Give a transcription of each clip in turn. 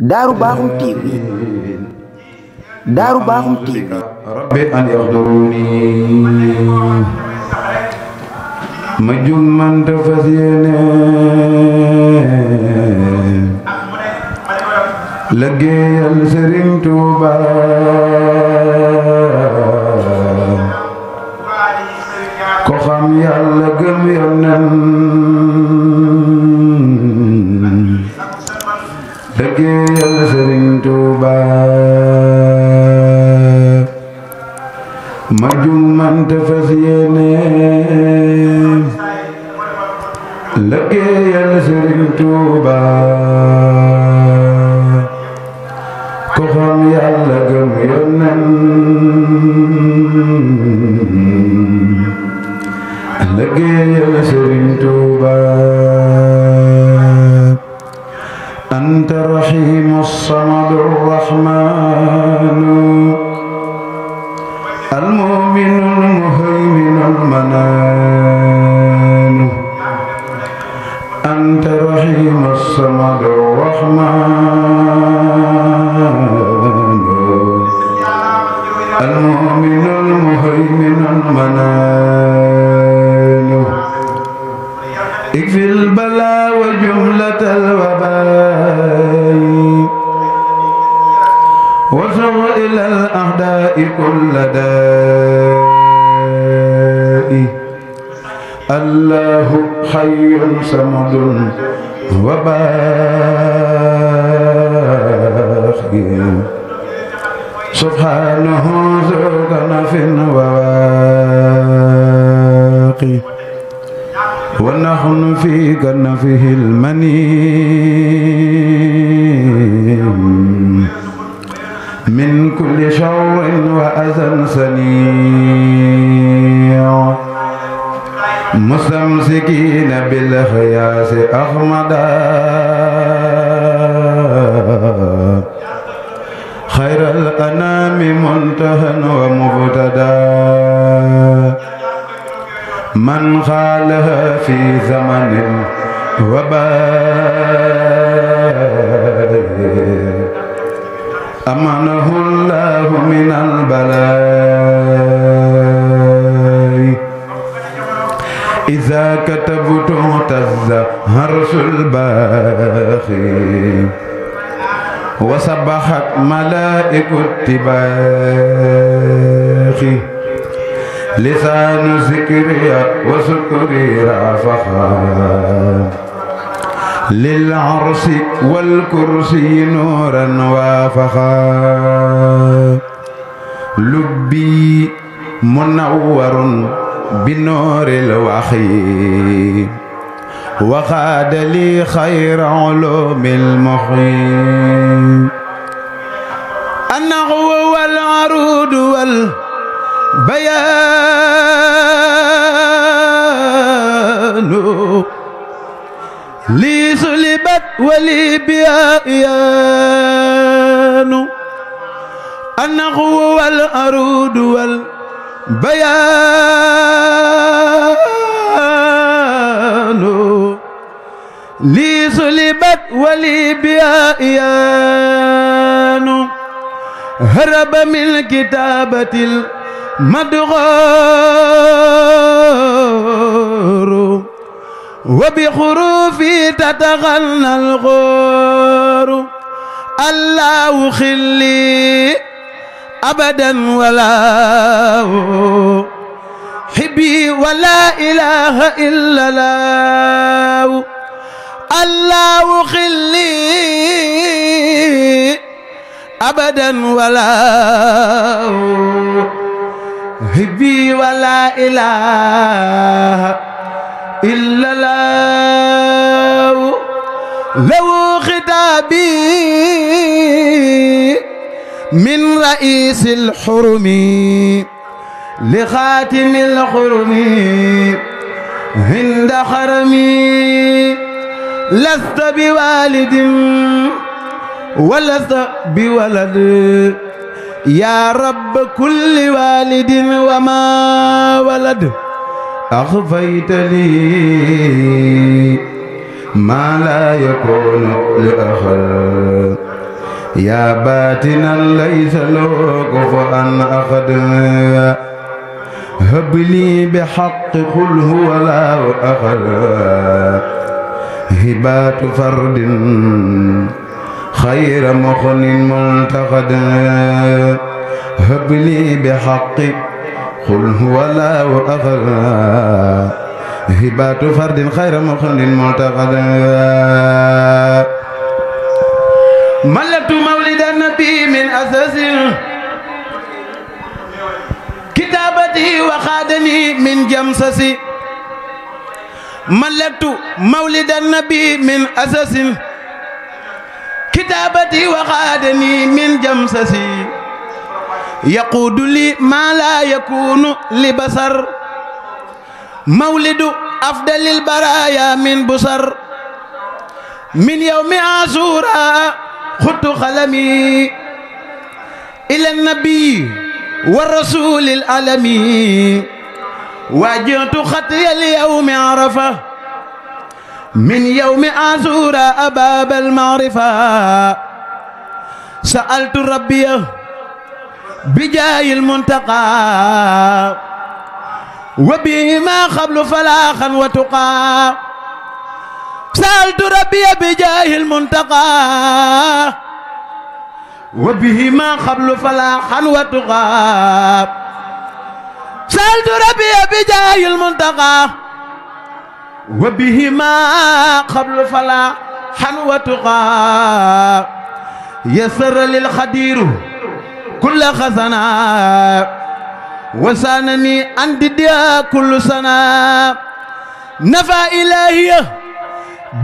Daru Bahum eh, TV Daru Bahum TV rabbi an yahduruni ma jug man te fas yéene liggéeyal Serigne Touba majjul man te fas yéene liggéeyal Sëriñ Tuuba ko xam yàlla gëm yónneen liggéeyal Sëriñ Tuuba anta rahimu samadu rahman ونحن في كنفه المني من كل شر وأذى سنيع مستمسكين بالخياس أحمدا خير الأنام منتهى ومبتدا من خالها في زمن الوباء أمنه الله من البلاء إذا كتبت تزهر الباخي وسبحت ملائك التباخي لسان ذكري وشكري رافقا للعرش والكرسي نورا وافخا لبي منور بنور الوحي وخاد لي خير علوم المحيي النغو هو العرود والعرود بيان لي صلبت ولي بيان النغو والأرود والبيان لي صلبت ولي بيان هرب من كتابة مدغور وبحروفي تتغنى الغور الله خلي أبدا ولا حبي ولا إله إلا الله الله خلي أبدا ولا هبي ولا إله إلا الله لو خدابي من رئيس الحرم لخاتم الحرم عند حرمي لست بوالد ولست بولد يا رب كل والد وما ولد أخفيت لي ما لا يكون لأخر يا باتنا ليس له كفؤا أحد هب لي بحق قل هو لا أخر هبات فرد خير مخن منتقد هب لي بحقي قل هو لا وأخر هبات فرد خير مخن منتقد ملت مولد النبي من أساس كتابتي وخادني من جمسسي ملت مولد النبي من أساس كتابتي وغادني من جمسسي يقود لي ما لا يكون لبصر مولد أفضل البرايا من بصر من يوم عاشوراء خط خلمي إلى النبي والرسول العالمي واجهت خطي اليوم عرفه من يوم أزور أباب المعرفة سألت ربي بجاه المنتقى وبهما خبل فلاخا وتقى سألت ربي بجاه المنتقى وبهما خبل فلاخا وتقى سألت ربي بجاه المنتقى وبهما قبل فلا حلوة غا يسر للخدير كل خزنا وسانني عندي كل سنة نفى إلهي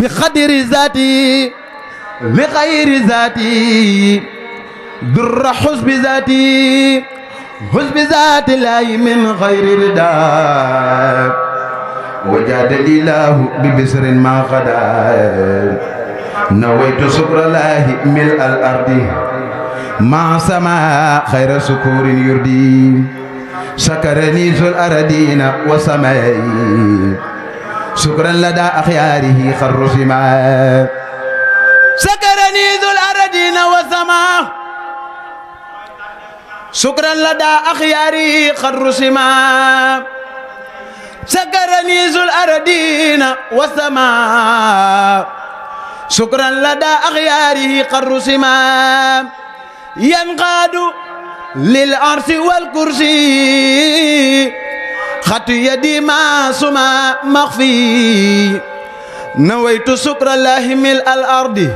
بخدر ذاتي لغير ذاتي در حزب ذاتي حزب ذات الله من غير الدار وجاد الإله ببسر ما غدا نويت سكر الله ملء الأرض مع سماء خير سكور يردي سكرني ذو الأردين وسمي شكرا لدى أخياره خر سماء سكرني ذو الأردين وسمائي شكرا لدى أخياري خر سما سكرني ذو الأردين والسماء شكرا لدى أغياره قر رسما ينقاد للعرس والكرسي خط يدي ما سما مخفي نويت شكر الله ملء الأرض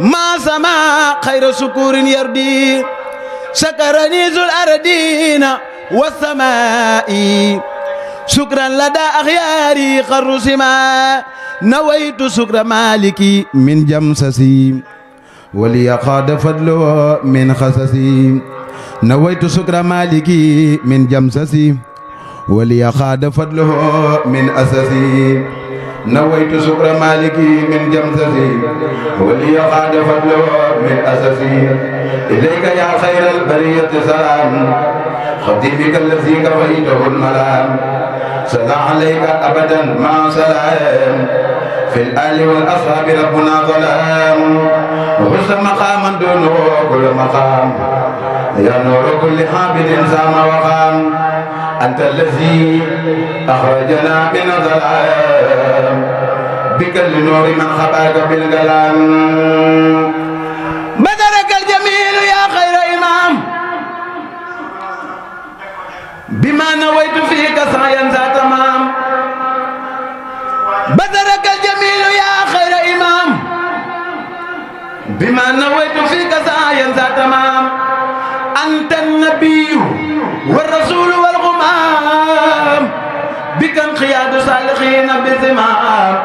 ما سما خير شكور يردي سكرني ذو الأردين والسماء شكرا لدى أخياري خرسما نويت شكرا مالكي من جمسسي وليقاد فضله من خسسي نويت شكرا مالكي من جمسسي وليقاد فضله من أسسي نويت شكرا مالكي من جمسسي وليقاد فضله من أسسي إليك يا خير البرية سلام خطيبك الذي كفيته الملام سلا عليك أبدا ما سلام في الآل والأصحاب ربنا ظلام وغس مقاما دونه كل مقام يا نور كل حامد سام وقام أنت الذي أخرجنا من الظلام بك لنور من خباك بالكلام بدرك الجميل يا خير إمام بما نويت فيك سعيا ذا تمام بذرك الجميل يا خير إمام بما نويت فيك سعيا ذا تمام أنت النبي والرسول والغمام بك انقياد صالحين بزمام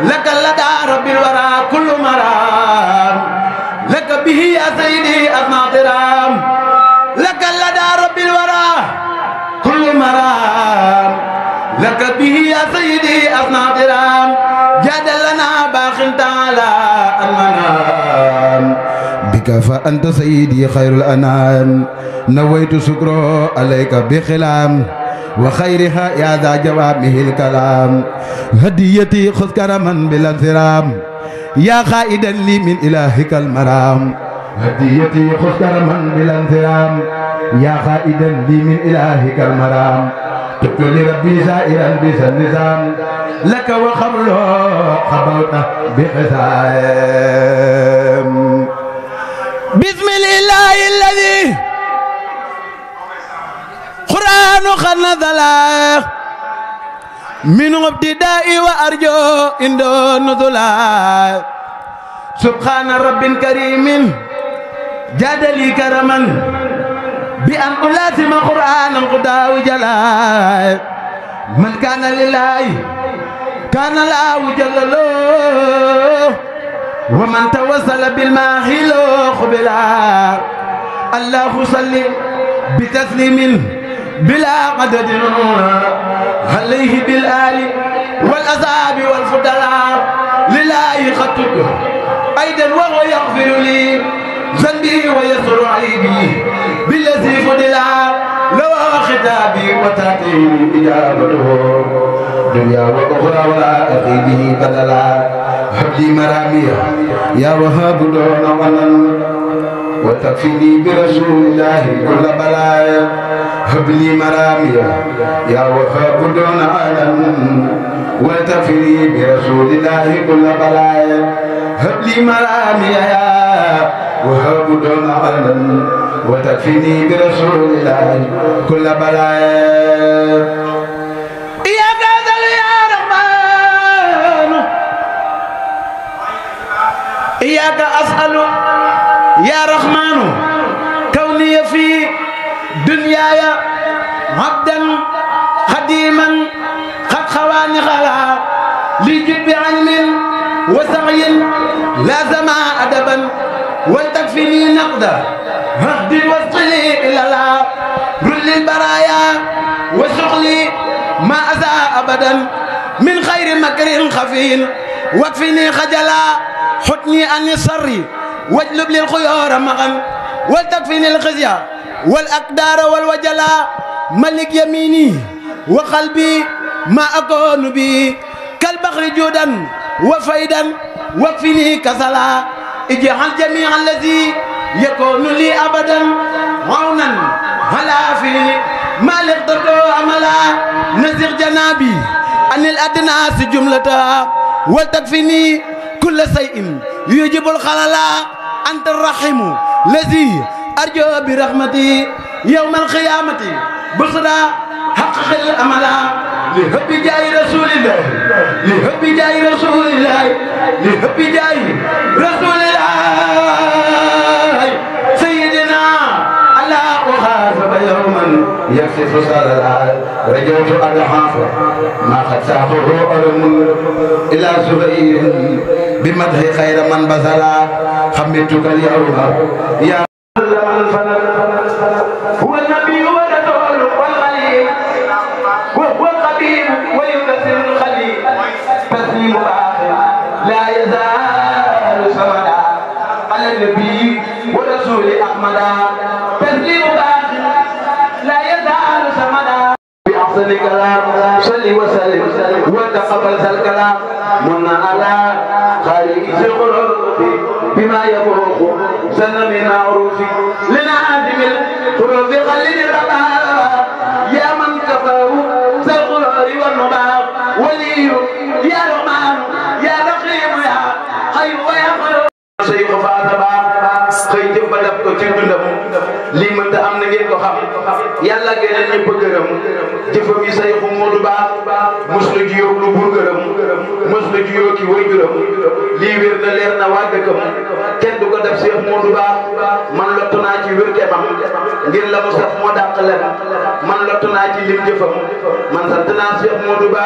لك لدى رب الورى كل مرام لك به يا سيدي أثناء لك لدى رب الورى المرام لقد به يا سيدي أصنع درام جاد لنا تعالى المنام بك فأنت سيدي خير الأنام نويت شكرا عليك بخلام وخيرها يا ذا جوابه الكلام هديتي خذ كرما بلا انسرام يا خائدا لي من إلهك المرام هديتي خذ كرما بلا انسرام يا خائدا لي من إلهك المرام تبت لربي زائرا بس النظام لك وخبره خبوته بحسام بسم الله الذي قرآن خنزل من ابتداء وأرجو إن دون سبحان رب كريم جاد لي كرما بأن ألازم القرآن قداو جلاي من كان لله كان الله جل له ومن توصل بالماهي له خبلا الله صلي بتسليم بلا قدد عليه بالآل والأصحاب والفضلاء لله خطك أيضا وهو يغفر لي ذنبي ويسر عيبي بالذي فدلا لو خطابي وتاتي بدو دنيا وأخرى ولا أخي به بدلا هبلي مرامي يا وهاب دون ولن وتفيني برسول الله كل بلايا هبلي مرامي يا وهاب دون ولن وتفيني برسول الله كل بلايا هبلي مرامي يا وهاب دون ولن وتكفيني برسول الله كل بلاء يا قادر يا رحمن إياك أسأل يا رحمن كوني في دنياي عبدا قديما قد خواني خلا لجب علم وسعي لازم أدبا ولتكفيني نقدا ربي وصلي إلى لا رل البرايا وشغلي ما أساء أبدا من خير مكر خفي وكفني خجلا حطني اني صري واجلب لي الخيار مغن ولتكفني الخزيا والأقدار والوجلا ملك يميني وقلبي ما أكون بي كالبخر جودا وفيدا وكفني كسلا اجعل جميع الذي يكون لي أبدا عونا هلا في ما لقدرت عملا نزغ جنابي الادنى الأدناس جملة ولتكفيني كل شيء يجب الخلل أنت الرحيم الذي أرجو برحمتي يوم القيامة بصرى حقق الأمل لحب جاي رسول الله لحب جاي رسول الله لحب جاي رسول الله ويل من يكسف سللا رجوت ألحاف ما قد سافه أرم إلى زبير بمدح خير من بزلا خمتك اليوم يا من فلت هو النبي ولده والغليل وهو قبيل ويكسر الخليل تسليم آخر لا يزال سمدا على النبي ورسول أحمد تسليم آخر ngir la mu saf moo dàq lem man lott naa ci lim jëfam man sant naa Cheikh Modou Ba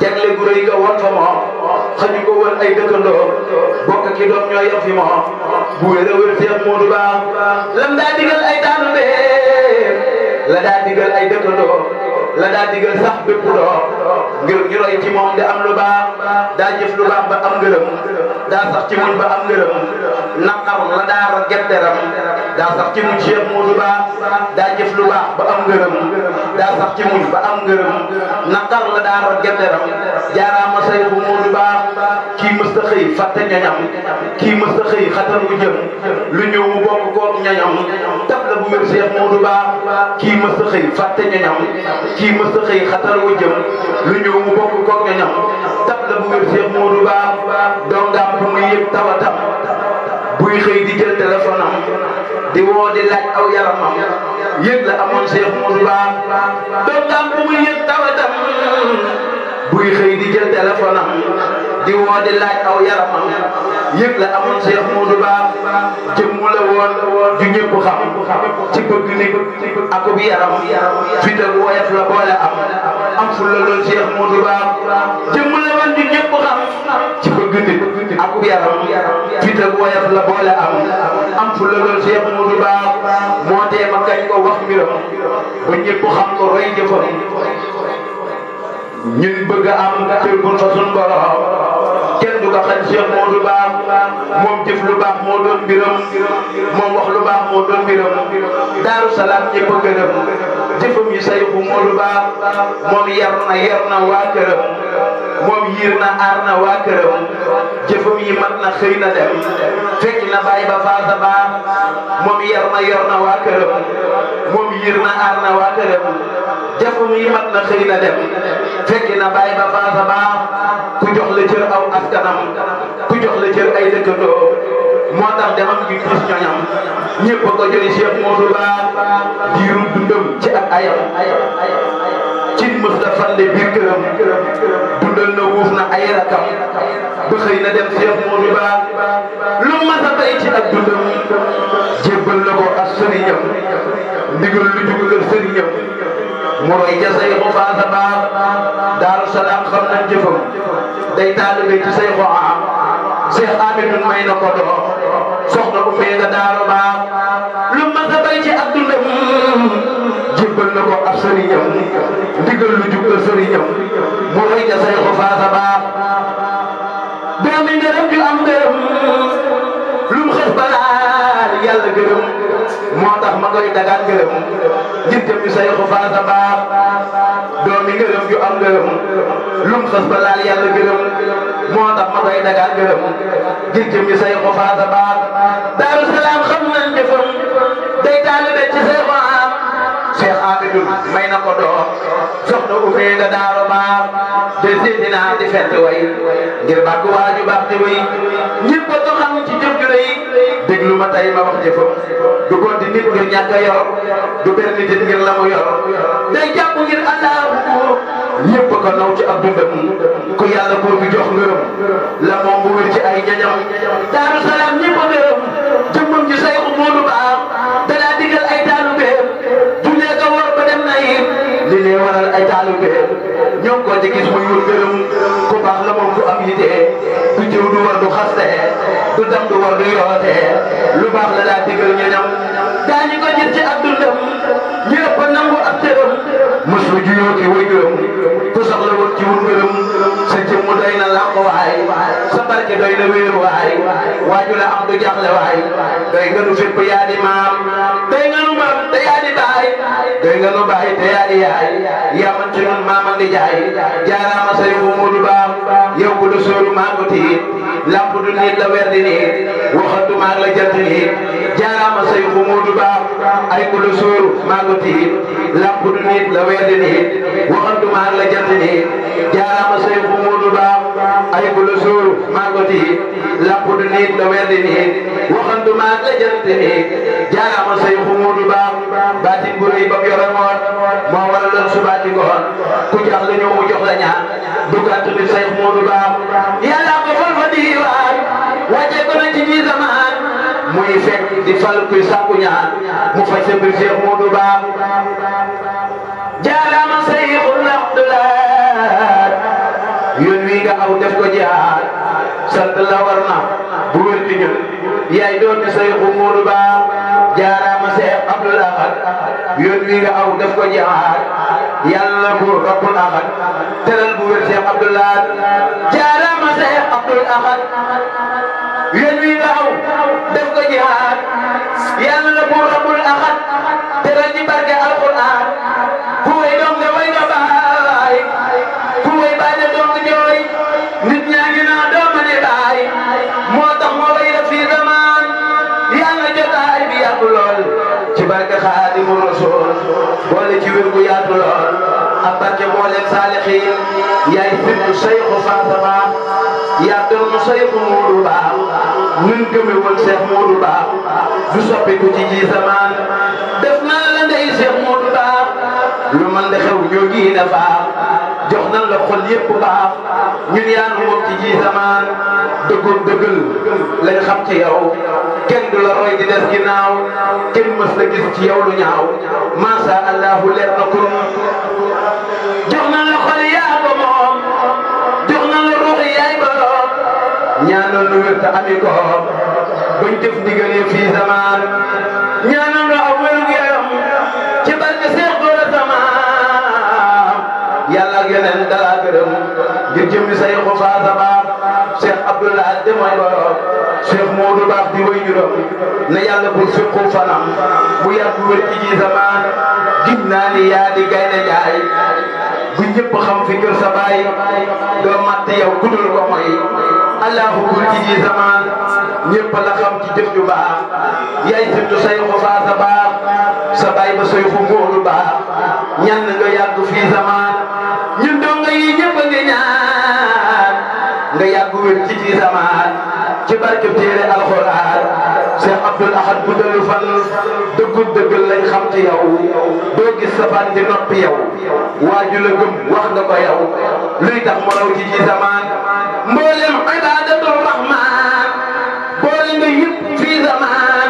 jagle gu rëy nga woon fa moo xaju ko woon ay dëkkandoo bokk ki doom ñooy yem fi moo bu wér a wér Cheikh Modou Ba lam daa digal ay daanu bee la daa digal ay dëkkandoo la daa digal sax bépp doo ngir ñu ci moom di am lu baax daa jëf lu baax ba am ngërëm daa sax ci mun ba am ngërëm naqar la daa ra gerteram daa sax ci muñ Cheikh Modou Ba daa jëf lu baax am ngërëm daa sax la daa rot gerteram jaaraama say bu Modou Ba kii mës xëy fàtte ñañam kii mës xëy xatal gu jëm lu ñëw mu koog ñañam tab la bu wér Cheikh Modou Ba kii mës ta xëy fàtte ñañam buy xëy di jël téléphone di woo di laaj aw yaramam yëg la amoon Cheikh Moussa Ba doon daan bu muy yëg tawatam buy xëy di jël téléphone di woo di laaj aw yaramam yëg la amoon Cheikh Moussa Ba jëmmu la woon ju ñëpp xam ci bëgg nit akub yaram fi de la boole am. am fulla lool Cheikh Modou Ba jëmm la woon ñu ñëpp xam ci bëgg nit ak yaram fital woyat la boole am am fulla lool Cheikh Modou Ba moo tee ma kañ ko wax mbiram ba ñëpp xam ko roy jëfam ñun bëgg am kër gun fa sun borom nga xam Cheikh moo lu baax moom jëf lu baax moo doon mbiram moom wax lu baax moo doon mbiram daaru salaam ñëpp a gërëm jëfam yi sayxu moo lu baax moom yar na waa këram moom yiir na aar na waa këram jëfam yi mat na xëy na dem feeñ na bàyyi ba faasa baax moom yar na yor na waa këram moom yiir na aar na waa këram jëfam yi mat na xëy na dem feeñ na bàyyi ba faasa baax ku jox la cër aw askanam ku jox la cër ay dëkkandoo moo tax demam gi gis ñoñam ñëpp ko jëli Cheikh Modou Ba diiru dundam ci ak ayam ci Moustapha Fande biir këram dundal na wuuf na ay rakam ba xëy na dem Cheikh Moodu Bara lu mas a tay ci ak dundam jébbal na ko ak sëriñam ndigal lu jug kër sëriñam mu roy ja say xo faasa baax daaru salaam xam na jëfam day taalibe ci say xo am Cheikh Amidou may na ko dox soxna bu fee nga daaru baax lu mas a tay ci ak dundam jébbal na ko ak sëriñam ndigal lu jug kër sëriñam gërëm di am gërëm lu moo tax ma koy dagaan gërëm njëkk bi say xabaar sa baax doomi gërëm ju am gërëm lu moo tax ma koy dagaan gërëm njëkk bi say xabaar sa baax Daaru Salaam xam nañ defam day taalibe ci say xabaar Cheikh Abidou may na ko ibnu Ubayda daaru maar desi dinaa di fett way ngir bàgg waaju baax di way ñëpp a xam ci jëf ju rëy déglu ma tey ma wax jëfam du góor di nit ngir ñàkk a yor du benn nit ngir la mu yor day jàpp ngir allahu ñëpp ko naw ci ab dundam ku yàlla buur bi jox ngërëm la moom bu ci ay ñañam daaru salaam ñëpp a ngërëm jëmmam ji say umulu ñaanal ay taalibe ñoo ko ci gis muy wut baax la moom du am yite du jiw du war du xaste du dam du du yoote lu baax la daa digal ñañam daañu ko gis ci ab dundam ñëpp nangu ab tëram mësul juyoo ki wëy gërëm ku soxla woon ci wut gërëm mu doy na làq waay sa barke doy na wéer waay waaju la am du jaxle waay doy nga nu fépp yaa di maam doy nga nu maam te yaa di baay doy nga nu baay te yaa di yaay yaa man ci nun maam ak di jaay jaaraama say wu mu du baam yow bu du sóoru maa ko tiit lamp du nit la weer di nit waxatu maa la jant nit jaaraama say wu mu du baam ay ku du sóoru maa ko tiit lamp du nit la weer di nit waxatu maa la jant nit jaaraama say wu mu أحب الوصول مع قوته لابد نيت لويرني وخند ما لجنته جاء ما سيخمود با باتين بري بام يرمون ما ورلن سباتي كون كو جاخ لا نيو جوخ لا ñaan dugat ni سيخمود با يلا ko fal fadi wa waje ko na ci zaman muy fekk di fal kuy sàkku ñaan mu faj sa mbir Cheikh Modou Ba jaarama Seyxul Abdullah taxaw def ko jihaar sant la war na bu wér di ñëw yaay doon Seexu Moodu Ba jaaraama Seex Abdul Ahad yoon wi nga aw def ko jihaar yàlla bu Rabbul Ahad teral bu wér Seex Abdul Ahad jaaraama Seex Abdul Ahad yoon wi nga aw def ko jihaar yàlla bu Rabbul Ahad teral ñi barke Alxuraan barke mboolem saalixiin yaay fiddu sayxu Faatama yaa doon sayxu Moodu Ba ñun gëme woon Seex Moodu Ba du soppiku ci ji zamaan def naa la ndey Seex Moodu Ba lu man de xew ñoo gii na baax jox nan la xol yépp baax ñun yaa nu moom ci ji zamaan dëggul dëggal lañ xam ci yow kenn du la roy di des ginnaaw kenn mës la gis ci yow lu ñaaw macha allah leer na kurum. jox na la xol yaa ko moom jox na la ruux yaay borom ñaanal lu wér te ami ko buñ def ndigal yi fii zaman ñaanal lu am wér gu yaram ci barke Seex Gora Tamaam yàlla ak yeneen dara gërëm ngir jëmmi say xufaa sabaab Cheikh Abdoulaye de mooy borom Cheikh Modou Baax di wéy juróom na yàlla bul fiqu fanam bu yàgg wér ci zaman gis naa ni yaa di gaynde jaay ñëpp xam fi jur sa baay doo matte yow guddul ko mooy allahu bul ci ji la xam ci jëf ju baax yaay sëttu say ko faa sa baax sa ba soy ko ngóolu baax ñan nga yàgg fii zaman ñun doo nga yi ñëpp nga ñaan nga yàgg wér ci ji zaman ci barke Cheikh Abdoul Ahad guddalu fan dëggul dëgg lañ xam ci yow gis sa fan di noppi yow waaju la gëm wax nga ko yow luy tax mu raw ci ci zamaan mboolem ibaadatul rahmaan boole nga yëpp fii zamaan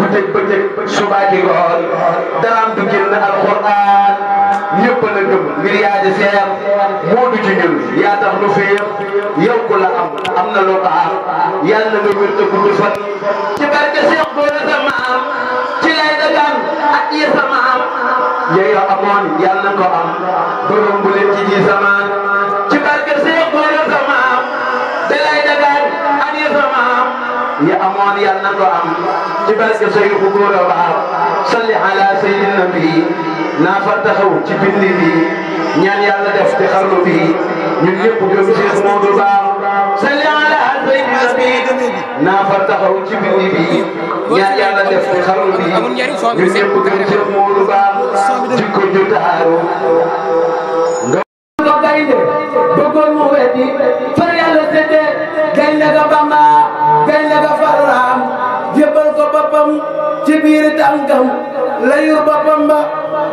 guddeeg bëccëg suba ci ngoon daraam du génn alxuraan ñëpp la gëm ngir yaa di seer moo du ci ñun yaa tax am am na loo tax yàlla na nga wér ëpp ñu fan. ci barke Seex Góora sama am ci lay dagaan ak yi sama amoon yàlla na ko am borom bu leen ci ji sama ci barke Seex Góora sama am da lay dagaan ak yi sama am yi amoon yàlla na ko am ci barke Seex Góora ba am. صل على سيد النبي نافرت خو تبلي بي نيان يالا داف تخرلو بي نيو ييب جوم شيخ مودو با صل على سيد النبي نافرت خو تبلي بي نيان يالا داف تخرلو بي نيو ييب جوم شيخ مودو با ديكو جوتارو غو باينده بوكو مو ودي biiri tànkam layur boppam ba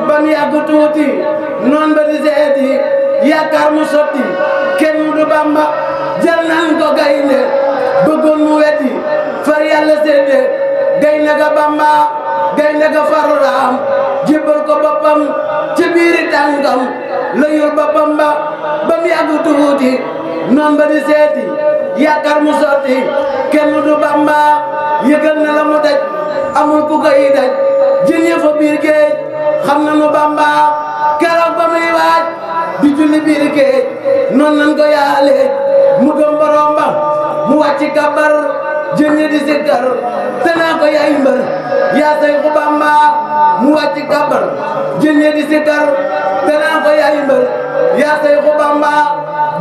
ba mu yàgg tuuti noon ba di seeti yaakaar mu sotti kenn mu du bamba jël nañ ko gaynde bëggoon mu weti far yàlla seede gaynde ga bamba gaynde ga faru raam jébbal ko boppam ci biiri tànkam layur boppam ba ba mu yàgg tuuti noon ba di seeti yaakaar mu sotti kenn du bamba yëgal na la mu daj amul ku ko yi daj jën ya géej xam na nu Bamba keroog ba muy waaj di julli biir géej noon nan ko yaale mu gëm borom mu wàcc kabar jën ya di sikkar te ko yaay mbër yaa say ku mu wàcc kabar jën ya di sikkar te ko yaay mbër yaa say ku Bamba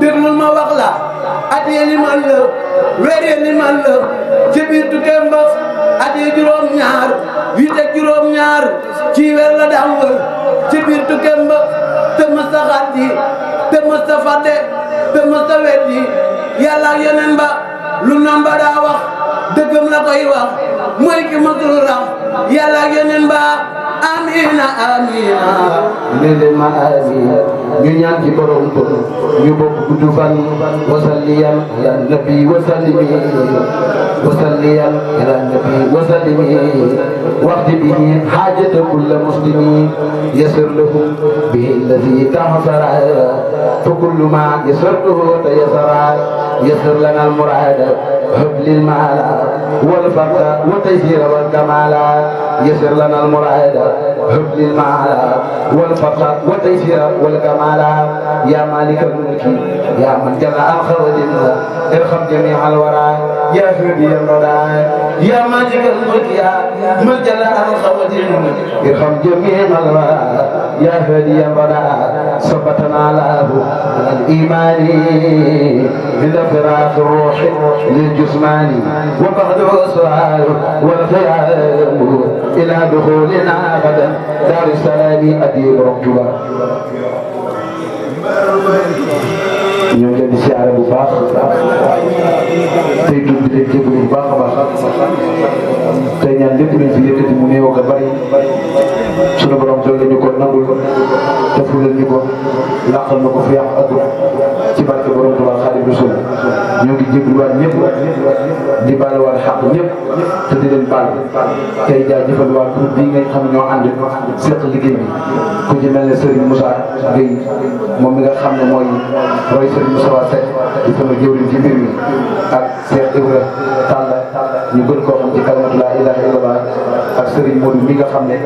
déglul ma wax la at yéen li man weer yéen li man ci biir tukkee mbas at yi juróom ñaar huit ak juróom ñaar ci weer la daan ci biir tukkeem ba te mësta xaddi te mësta fàtte te mësta weddi yàlla ak yeneen lu nam daa wax dëggam la koy wax mooy ki mësul rax yàlla ak yeneen amina amina mede ma amina ñu ñaan ci borom ko ñu bokk guddu fan wa salliyam ala nabi wa sallimi wa salliyam ala nabi wa sallimi waqti bi hajata kull muslimin yasir lahum bi alladhi tahsara fa kullu ma yasirtuhu tayassara يسر لنا المراد هب للمعالي والبرد وتيسير والكمالات يسر لنا المراد حب المعالى والفرد وتيسير والكمالات يا مالك الملك يا من جمع الخواتم ارحم جميع الورى يا سيدي المدعي يا مالك المكيا يا من جل عن خواتيم ارحم جميع الورى يا هدي بدا ثبتنا له على الايمان بذكرات الروح للجسماني وبعده سؤال والقيام الى دخولنا غدا دار السلام اديب ركبا ñoo di siara bu baax tey dund leen jégalu bu baax baax tey ñaan lépp luñ fi yëkkati mu néew ak bari suñu borom doole ñu ko nangul defulal ñu ko fi ci barke borom ngi di baaluwaat xàq te di leen baal tey jaajëfal waa groupe bii ngay xam ñoo ànd seq liggéey bi ku ci mel Serigne Moussa mi nga roy Serigne Serigne Moussa Seck di sama jëwriñ ci mbir mi ak Cheikh Ibra Talla ñu gën koo xam ci kalmat laa ilaaha illallah ak Serigne Modou mi nga xam ne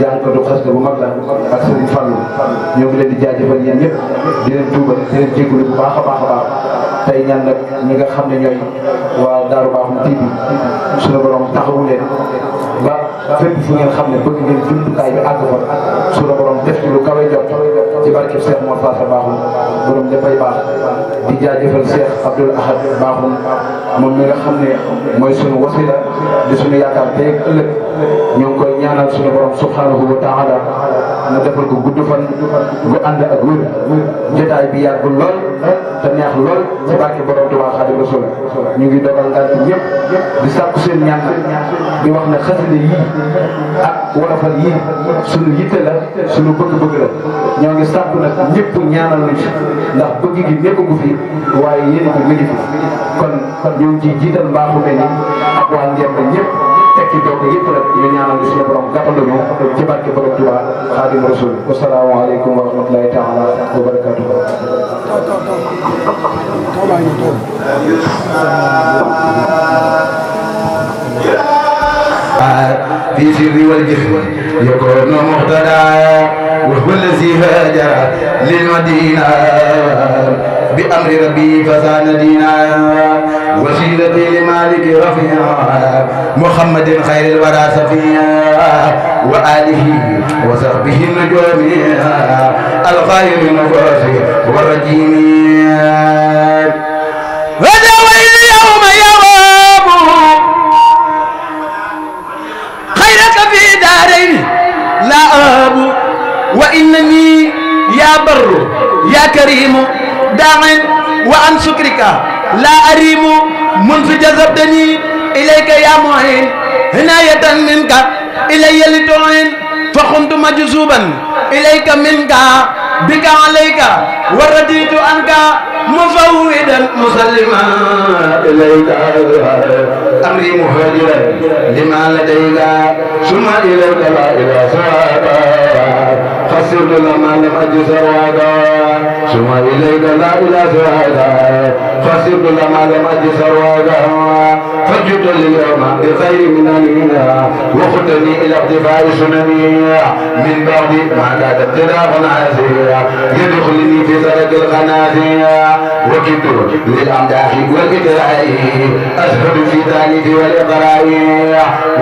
jàngkatu xasida bu mag la ak Serigne Fallou ñoo ngi leen di jaajëfal yéen ñëpp di leen tuubal di bu baax a baax a baax tey ñaan nag ñi nga xam ne ñooy waa baax Bakhoum TV suñu borom taxawu leen ba fépp fu ngeen xam ne i ngeen jumtukaay bi àgg fa su la borom def ci lu kawe jot ci barke Cheikh Mor Fassé baaxum borom dafay baax di jaajëfal Cheikh Abdoul Ahad baaxum moom mi nga xam ne mooy sunu wasila di sunu yaakaar tey ëllëg ñoo ngi koy su sunu borom subhanahu wa taala yàlla defal ko gudd fan bu ànd ak wér jotaay bi yàgg lool te neex lool ci barke borom Tuubaa Xaadimu Rasuul ñu ngi dogal ngant ñëpp di sàkku seen ñaan di wax ne xasida yii ak wolofal yii sunu yitte la sunu bëgg-bëgg la ñoo ngi sàkku nag ñëpp ñaanal lu ci ndax bëgg gi nekkagu fi waaye yéen a ko mi ngi fi kon ñoo ngi ciy jiital mbaaxu mel ak waa Ngembe ñëpp. teg ci doog yëpp rek ñu ñaanal في سر والجسم يكون مقتدى وهو الذي هاجر للمدينه بأمر ربي فزان دينا وسيلتي لمالك رفيع محمد خير الورى صفيا وآله وصحبه النجوم الخير النفوس والرجيم غدا اليوم يوم خيرك في دارين لا أهب وإنني يا بر يا كريم داع وعن شكرك لا أريم منذ جذبتني إليك يا معين هناية منك إلي لتعين فخنت مجذوبا إليك منك بك عليك ورديت عنك مفوضا مسلما إليك أمري مهاجرا لما لديك ثم إليك لا إله إلا فاغفر لنا ما لم أجز وعدا ثم إليك لا إله إلا فاغفر لنا ما لم أجز وعدا فجد اليوم بخير من أمينا وخدني إلى اقتفاء سنني من بعد ما كانت ابتلاء عازية يدخلني في سرق الخنازير وكدت للأمداح والإدراء أزهد في تأليف والإقراء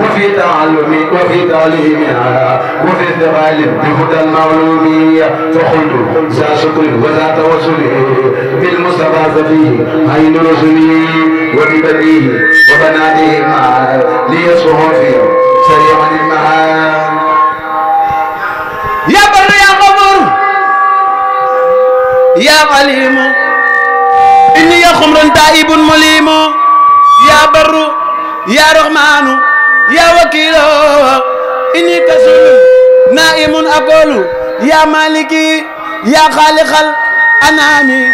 وفي تعلمي وفي تعليمها وفي استغلال بهدى مولودي فحلو ذا شكر وذا توسل بالمصطفى سفيه عين رسله وببنيه وبناته معا ليصرف سريعا المعاد يا بر يا غفور يا عليم إني خمر تائب مليم يا بر يا رحمن يا وكيل إني كسول نائم أقول يا مالكي يا خالق الأنامي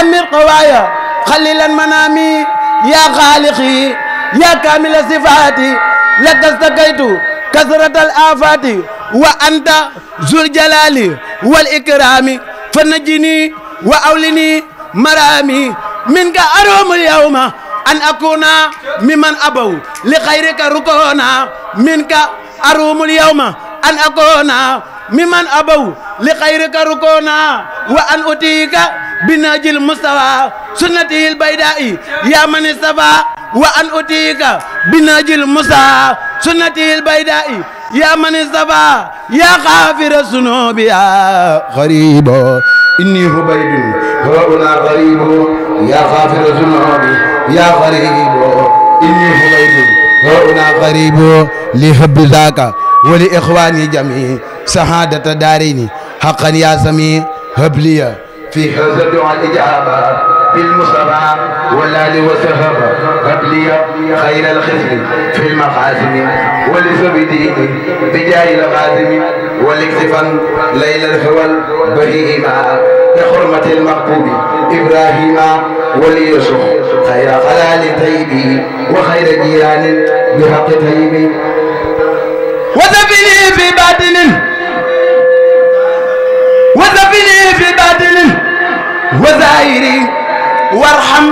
أمر قوايا خليل المنامي يا خالقي يا كامل صفاتي لك استقيت كثرة الآفات وأنت ذو الجلال والإكرام فنجني وأولني مرامي منك أروم اليوم أن أكون ممن أبو لخيرك ركونا منك أروم اليوم أن أكون ممن أبو لخيرك ركونا وأن أتيك بناجي المستوى سنته البيداء يا من استفى وأن أتيك بناجي المستوى سنته البيداء يا من استفى يا خافر الذنوب يا غريب إني هبيد ربنا غريب يا خافر الذنوب يا غريب إني هبيد ربنا غريب لهب ذاك ولإخواني جميع سعادة داريني حقا يا سمي هب لي في هذا دعاء الإجابة بالمصطفى والآل والصحابة هب لي خير الخزي في المقاسم ولسبديني بجاه القاسم والاكتفا ليل الهول بهيما بحرمة المحبوب إبراهيم وليوسف خير خلال طيبي وخير جيران بحق طيبي في وزائري وارحم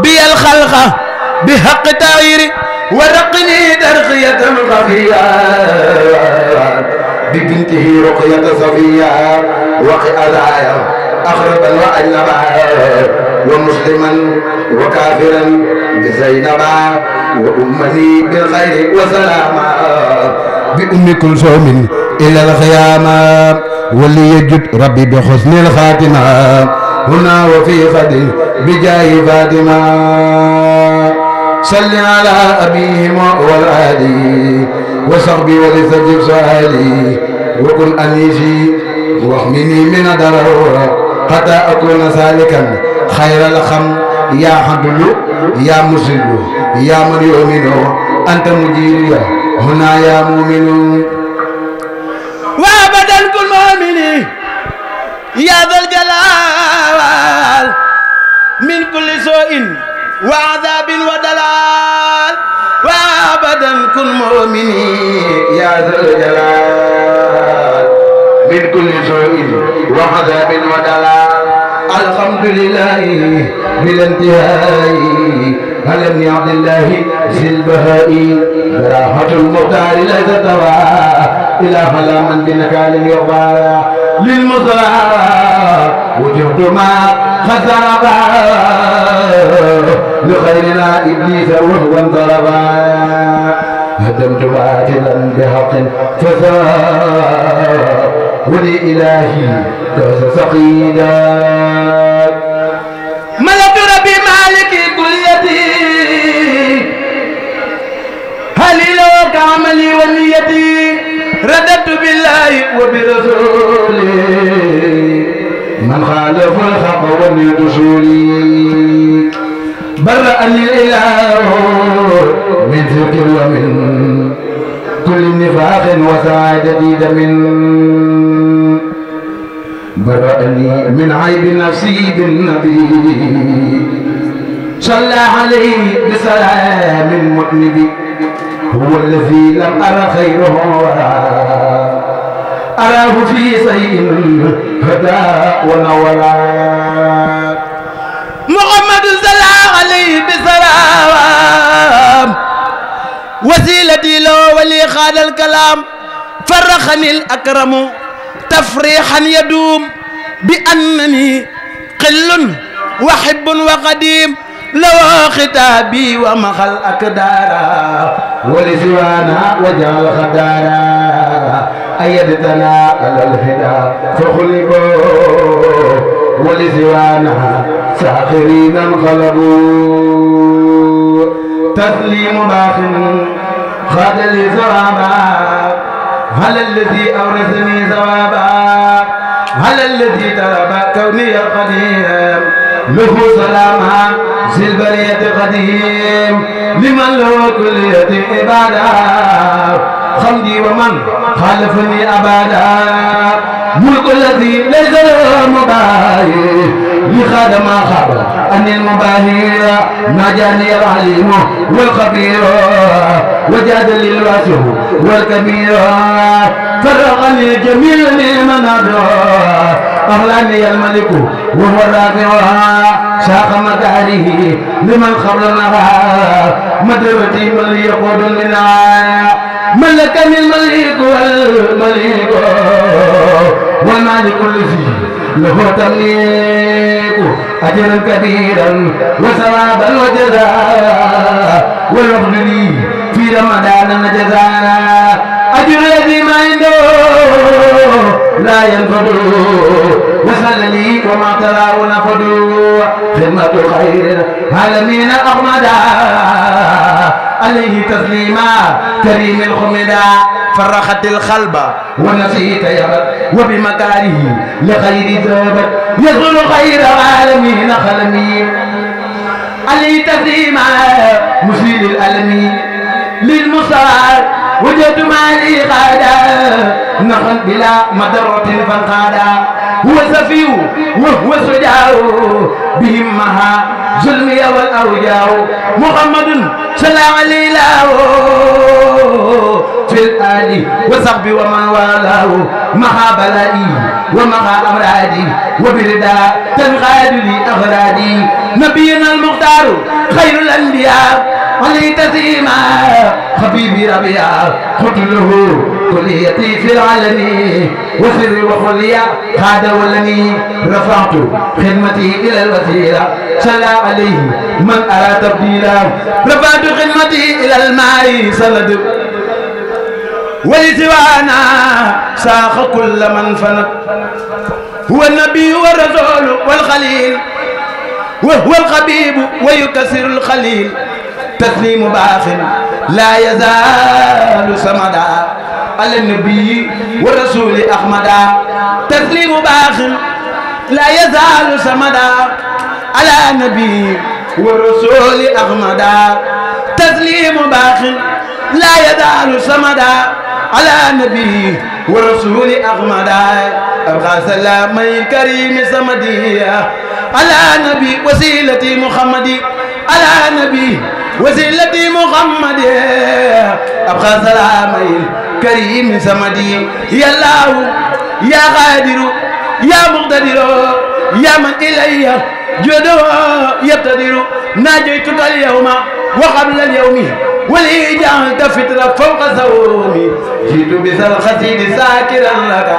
بي الخلقه بحق تغييري ورقني ترقية خفية ببنته رقية صفية وقع دعايا أخربا وأجنبا ومسلما وكافرا بزينبا وأمني بالخير وسلاما بأمي كلثوم إلى القيامة وليجد ربي بحسن الخاتمة هنا وفي خد بجاه فاتمة صل على أبيهما والآلي وصحبي ولسجب سؤالي وكن أنيسي واحمني من ضرورة حتى أكون سالكا خير الخم يا حمدلو يا مسلو يا من يؤمنو أنت مجيري هنا يا مؤمنون وابدا كل مؤمن يا ذا الجلال من كل سوء وعذاب ودلال وابدا كن مؤمن يا ذا الجلال من كل سوء وعذاب ودلال الحمد لله بالانتهاء فلم يعد الله في البهائي براحة المختار لا تتوى إلى فلا من بنكال يرضى للمزرع وجهت ما خزربا لخيرنا إبليس وهو انضربا هدمت باطلا بحق فزار ولإلهي تهز سقيدا بالله وبرسوله من خالف الحق والنجوم برأني الإله من ذكر ومن كل نفاق وسعادة دم برأني من عيب نفسي بالنبي صلى عليه بسلام مؤنبي هو الذي لم أرى خيره وراءه أراه في سيء هدى ونولا محمد صلى عليه بسلام وسيلتي له ولي خال الكلام فرخني الأكرم تفريحا يدوم بأنني قل وحب وقديم لو ختابي ومخل أكدارا ولزوانا وجعل خدارا أيدتنا على الهدى فخلقوا ولزوانا ساخرين انقلبوا تسليم باخ خاد لي ثوابا هل الذي أورثني ثوابا هل الذي تربى كوني القديم له سلاما في البرية قديم لمن له كلية عباده خلدي ومن خالفني أبدا ملك الذي ليس له مباهي لخادم ما خاب أني المباهي ما جاني العليم والخبير وجاد للواسع والكبير فرغ لي جميع منابع أغلاني الملك وهو الرافع شاق مداره لمن خبرنا مدرتي من يقود منا من لك الملك والملك والمالك كل شيء له تمليك أجرا كبيرا وثوابا وجزاء والوفد لي في رمضان جزاء أجر الذي ما عنده لا ينفض مثل وما تراون فدوا خدمة خير العالمين أغمدا عليه تسليما كريم الخمدا فرخت الخلبة ونسيت يبت وبمكاره لخير ثابت يدخل خير العالمين خلمي عليه تسليما مسيل الألم للمصار وجدت مالي غدا نخل بلا مدرة فانقادا هو سفي وهو سجاع بهمها ظلمي والأوجاع محمد صلى عليه في الآل وصحب ومن والاه مها بلائي ومها أمراضي وبرداء تنغاد لي أغراضي نبينا المختار خير الأنبياء عليه تسيما حبيبي ربيع قتله كليتي في العلم وسر وخذي هذا ولني رفعت خدمتي الى الوسيله صلى عليه من ارى تبديلا رفعت خدمتي الى الماء سند ولسوانا ساخ كل من فند هو النبي والرسول والخليل وهو الخبيب ويكسر الخليل تسليم باخ لا يزال سمدا على النبي والرسول أحمدا تسليم باخ لا يزال سمدا على النبي والرسول أحمدا تسليم باخ لا يزال سمدا على النبي والرسول أحمدا أبغى سلام الكريم سمدي على النبي وسيلتي محمدي على النبي وسيلتي محمد أبقى سلامي كريم سمدي يا الله يا غادر يا مقتدر يا من إلي جده يبتدر ناجيتك اليوم وقبل اليوم ولي جعلت فترة فوق ثورومي جئت بذا الخسيد ساكرا لك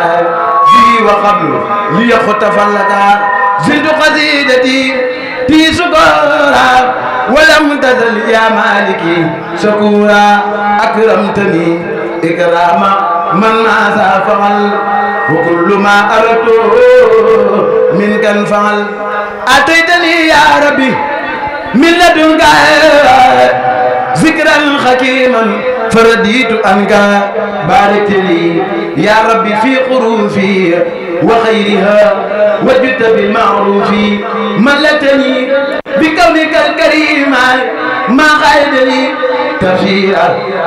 في وقبل ليختفى لك زد قصيدتي في سكورا ولم تزل يا مالكي شكورا أكرمتني إكراما من ماذا فعل وكل ما أردو من كان فعل أتيتني يا ربي من لدنك ذكرا حكيما فرديت أنك بارك لي يا ربي في قروفي وخيرها وجدت بالمعروف ملتني بكونك الكريم ما قعد لي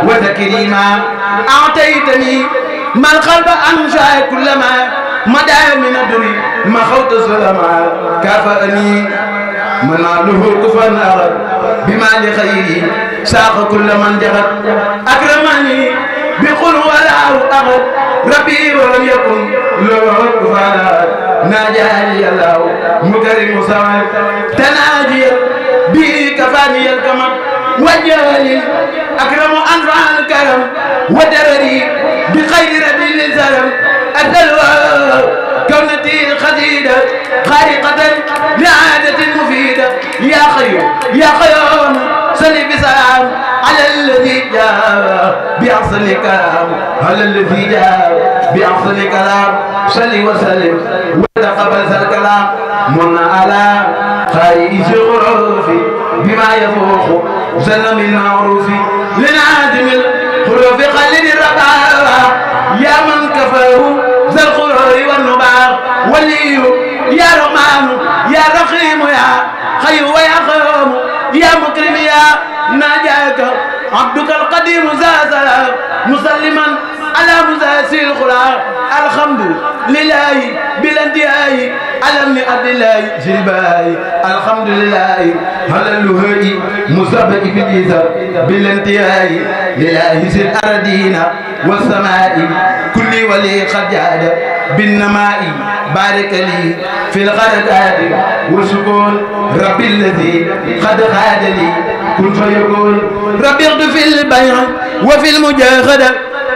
وتكريما أعطيتني ما القلب أنشأ كلما مدى من الدنيا ما خوت سلما كافأني مناله كفا أرد بما لخيري ساق كل من جغت أكرمني بقول ولا أغد ربي ولم يكن له كفانا ناجاني الله مكرم سواء تناجي به كفاني الكمم وجهني أكرم أنفع الكرم ودرري بخير ربي الزلم أدلوا كونتي خديدة خارقة لعادة مفيدة يا خير يا خير أحسن مثال على الذي جاء بأحسن كلام على الذي جاء بأحسن كلام صل وسلم وتقبل الكلام من على خير الغروف بما يفوق زلم المعروف لنعادم الخروف قليل الربع يا من كفاه ذا القرور والنبع ولي يا رمان يا رقيم يا خير ويا خير ناجاك عبدك القديم زازل مسلما على مزاسي الخلا الحمد لله بلا انتهاء ألم لأرض الله جلباي الحمد لله هل اللهي في إبليس بلا انتهاء لله في الأرضين والسماء كل ولي قد جاد بالنماء بارك لي في الغرقات والسكون ربي الذي قد خاد لي كنت يقول ربيت في البيع وفي المجاهدة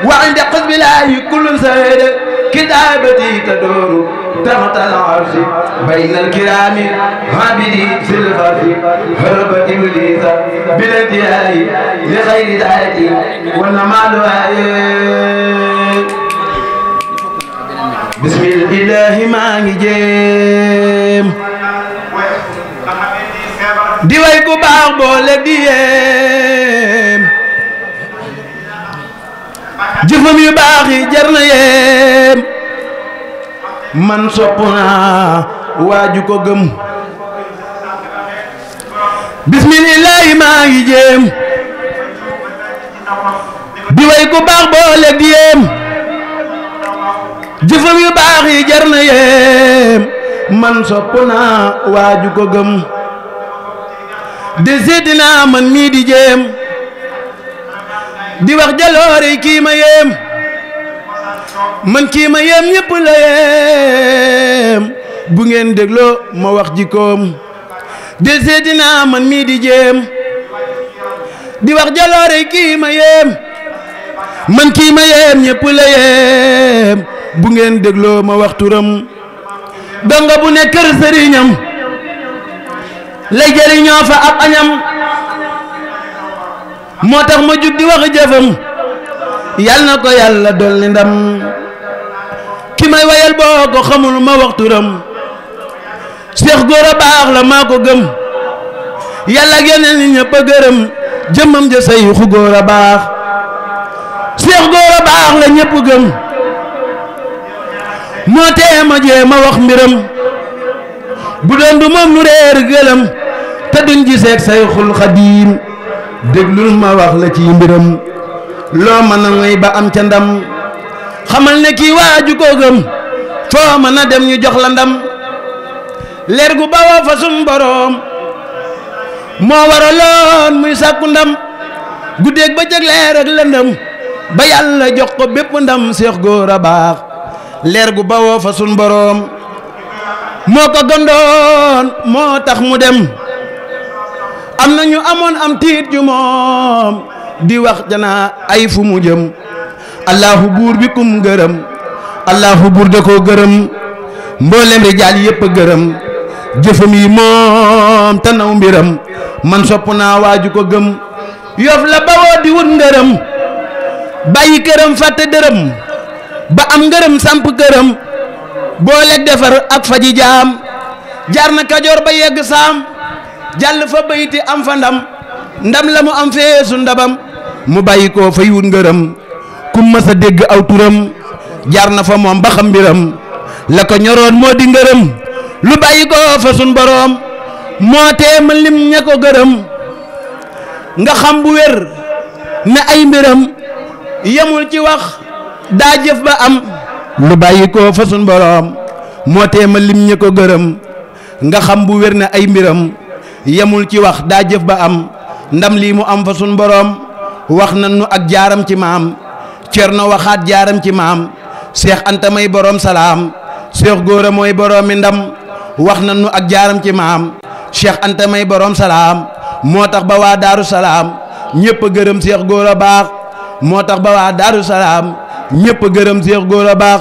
وعند قسم الله كل سيدة كتابتي تدور تحت العرش بين الكرام عبدي في الغرف هرب إبليس بالانتهاء لغير ذاتي دعائي بسم الله ما نجيم di way ku baax boole di yéem jëfam yu baax jar na yéem man sopp naa waaju ko gëm bismillaahi maa ngi jéem di ku baax boole di yéem jëfam yu baax yi jar na yéem man sopp naa waaju ko gëm dese dinaa man mii di jéem di wax jaloore kii ma yéem man kii ma yéem ñëpp la yéem bu ngeen dégloo ma wax jikkoom dese dinaa man mii di jéem di wax jaloore kii ma yéem man kii ma yéem ñëpp la yéem bu ngeen dégloo ma wax turam bu ne kër sëriñam la jëriñoo fa ab añam moo tax ma jug di wax jëfam yal na ko yàlla dolli ndam ki may wayal boo ko xamul ma waxturam seex góor baax la maa ko gëm yàlla ak yeneen ñi ñëpp a gërëm jëmmam ja say xu baax seex góor a baax la ñëpp gëm moo tee ma jee ma wax mbiram bu doon du moom nu réer gëlëm te duñ giseeg sayxul xadiim déglul ma wax la ci mbiram loo mën a ngoy ba am ca ndam xamal ne kii waaju koo gëm foo mën a dem ñu jox la ndam leer gu bawoo fa sum boroom moo waraloon muy sàkku ndam guddeeg ba jëg leer ak lëndëm ba yàlla jox ko bépp ndam seex góor a baax leer gu bawoo fa sum boroom moo ko gëndoon moo tax mu dem am na ñu amoon am tiit ju moom di wax janaa ay fu mu jëm allahu buur bi kum gërëm allahu buur da koo gërëm mboolem rijaal yépp gërëm jëfam yi moom tanaw mbiram man sopp naa waaju ko gëm yof la bawoo di wut ngërëm bàyyi këram fàtte dërëm ba am ngërëm samp këram boole defar ak faji jaam jaar na kajoor ba yegg saam jàll fa bayti am fa ndam ndam la mu am feesu ndabam mu bàyyi ko fay wut ngërëm ku mës a dégg aw turam jaar na fa moom ba xam mbiram la ko ñoroon moo di ngërëm lu bàyyi ko fa sun boroom moo tee ma lim ña ko gërëm nga xam bu wér ne ay mbiram yemul ci wax daa jëf ba am lu bàyyi ko fa sun boroom moo tee ma lim ñi ko gërëm nga xam bu wér na ay mbiram yamul ci wax daa jëf ba am ndam lii mu am fa sun boroom wax nan nu ak jaaram ci maam cerno waxaat jaaram ci maam seex anta may boroom salaam seex góora mooy boroomi ndam wax nan nu ak jaaram ci maam seex anta may boroom salaam moo tax ba waa daaru salaam ñépp gërëm seex góora baax moo tax ba waa daaru salaam ñëpp gërëm seex góor a baax